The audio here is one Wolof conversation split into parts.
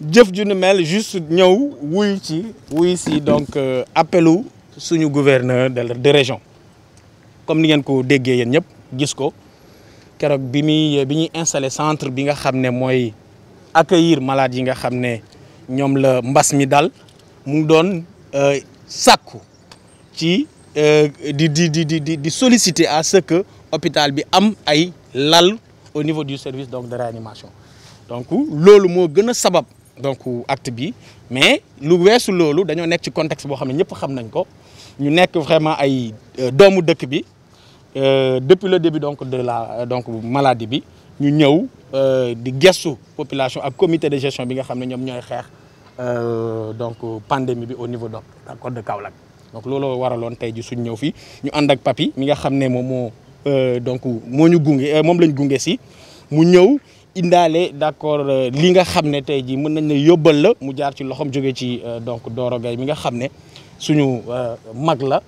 Jeff ju juste juste oui donc euh, gouverneur de région comme nous avons ko déggee nous ko centre bi accueillir malades yi nga nous nous euh, euh, solliciter à ce que hôpital ait au niveau du service donc de réanimation donc loolu le nous donc acte bi mais lu wessu lolu dañu nek ci contexte bo xamné ne xam nañ ko ñu nek vraiment ay euh, doomu dëkk bi euh, depuis le début donc de la euh, donc maladie bi ñu ñëw di gestu population ak comité de gestion bi nga xamné ñom ñoy xex euh donc pandémie bi au niveau donc d'accord de Kaolack donc lolu waralon tay ji suñ ñëw fi ñu and ak papi mi nga xamné mo mo euh donc moo ñu gunge moom lañ gungé si mu ñëw indaale d'accord euh, li nga xam ne tey jii mën nañ ne yóbbal la mu jaar ci loxoom jóge ci euh, donc Doro Gaye mi nga xam ne suñu euh, mag la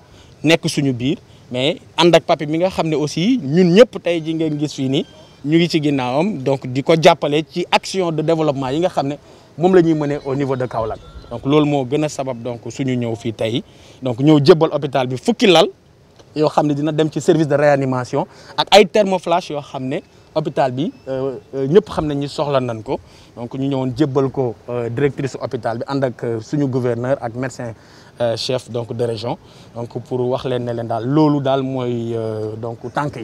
nekk suñu biir mais ànd ak papi mi nga xam ne aussi ñun ñëpp tey jii ngeen gis fii nii ñu ngi ci ginnaawam donc di ko jàppale ci action de développement yi nga xam ne moom la ñuy mëne au niveau de Kaolack donc loolu moo gën a sabab donc suñu ñëw fii tey donc ñëw jébbal hôpital bi fukki lal yoo xam ne dina dem ci service de réanimation ak ay thermoflash yoo xam ne hôpital bi euh, euh, ñëpp xam nañ ni soxla nañ ko donc ñu ñëwoon jébbal ko euh, directrice hôpital bi ànd ak suñu gouverneur ak médecin chef donc de région donc pour wax leen ne leen daal loolu daal donc tànk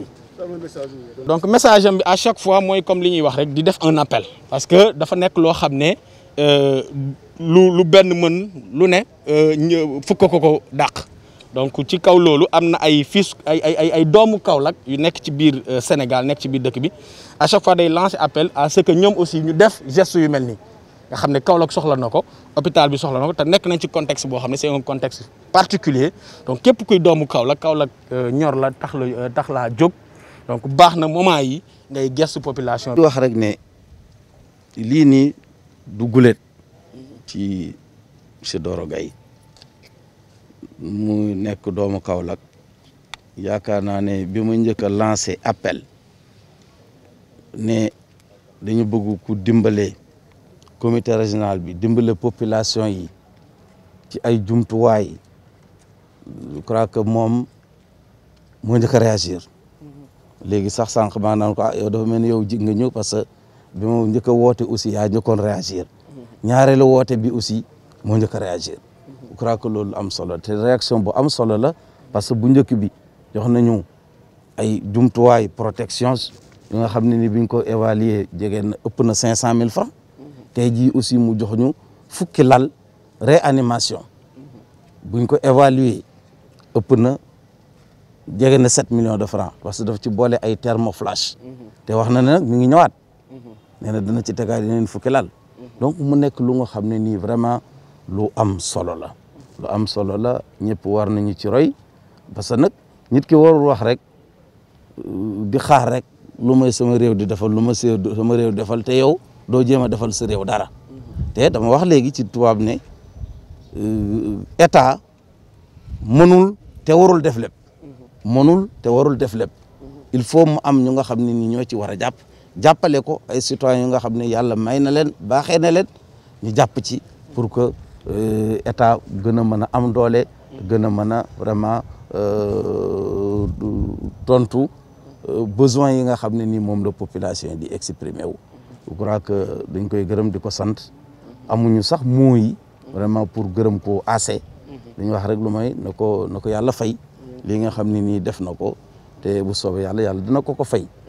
donc message bi à chaque fois mooy comme li ñuy wax rek di def un appel. parce que dafa nekk loo xam ne lu lu benn mën lu ne fukk ko ko dàq donc ci kaw loolu amna ay fils ay ay ay doomu Kaolack yu nek ci biir euh, Sénégal nek ci biir dëkk bi à chaque fois day lancer appel à ce que ñom aussi ñu def geste yu melni nga xamné ne Kaolack soxla na hôpital bi soxla nako ta nek nañ ci contexte bo xamné c'est un contexte particulier donc képp kuy doomu Kaolack Kaolack euh, ñor la tax la euh, tax la jog donc baxna moment yi ngay geste population wax rek né li ni du goulet ci ci Doro Gaye mu nekk doomu Kaolack yaakaar naa ne bi mu njëkk a lancé appel ne dañu bëgg ku dimbale comité régional bi dimbale population yi ci ay jumtuwaay je crois que moom moo njëkk a réagir mm-hmm. léegi sax sànq maa naan ko ah yow dafa mel ni yow jig nga ñëw parce que bi ma njëkk woote aussi yaa njëkkoon réagir mm-hmm. ñaareelu woote bi aussi moo njëkk a je crois que loolu am solo te réaction bu am solo la parce que bu njëkk bi jox nañu ay jumtuwaay protection yi nga xam ne ni biñ ko évaluer jege na ëpp na cinq cent mille francs tey jii aussi mu jox ñu fukki lal réanimation buñ ko évaluer ëpp na jege na sept millions de francs parce que daf ci boole ay thermoflash te wax na ne nag mi ngi ñëwaat mhm. nee na dana ci tegaat yeneen fukki lal mhm. donc mu nekk lu nga xam ne vraiment lu am solo la lu am solo la ñëpp war nañu ci roy parce que nag nit ki warul wax rek euh, di xaar rek lu may sama réew di defal lu ma sama réew defal te yow doo jéem a defal sa réew dara te dama wax léegi ci tubaab ne euh, état mënul te warul def lépp mënul te warul def lépp il faut mu am ñu nga xam ne ni ñoo ci war a jàpp jàppale ko ay citoyens yu nga xam ne yàlla may na leen baaxee na leen ñu jàpp ci pour que Euh, état gën a mën a am doole gën a mën a vraiment euh, tontu euh, besoin yi nga xam ne nii moom la population di exprimer wu je crois que dañ koy gërëm di ko sant amuñu sax mooy vraiment pour gërëm ko assez dañu wax rek lu may na ko na ko yàlla fay lii nga xam ni nii def na ko te bu soobee yàlla yàlla dina ko ko fay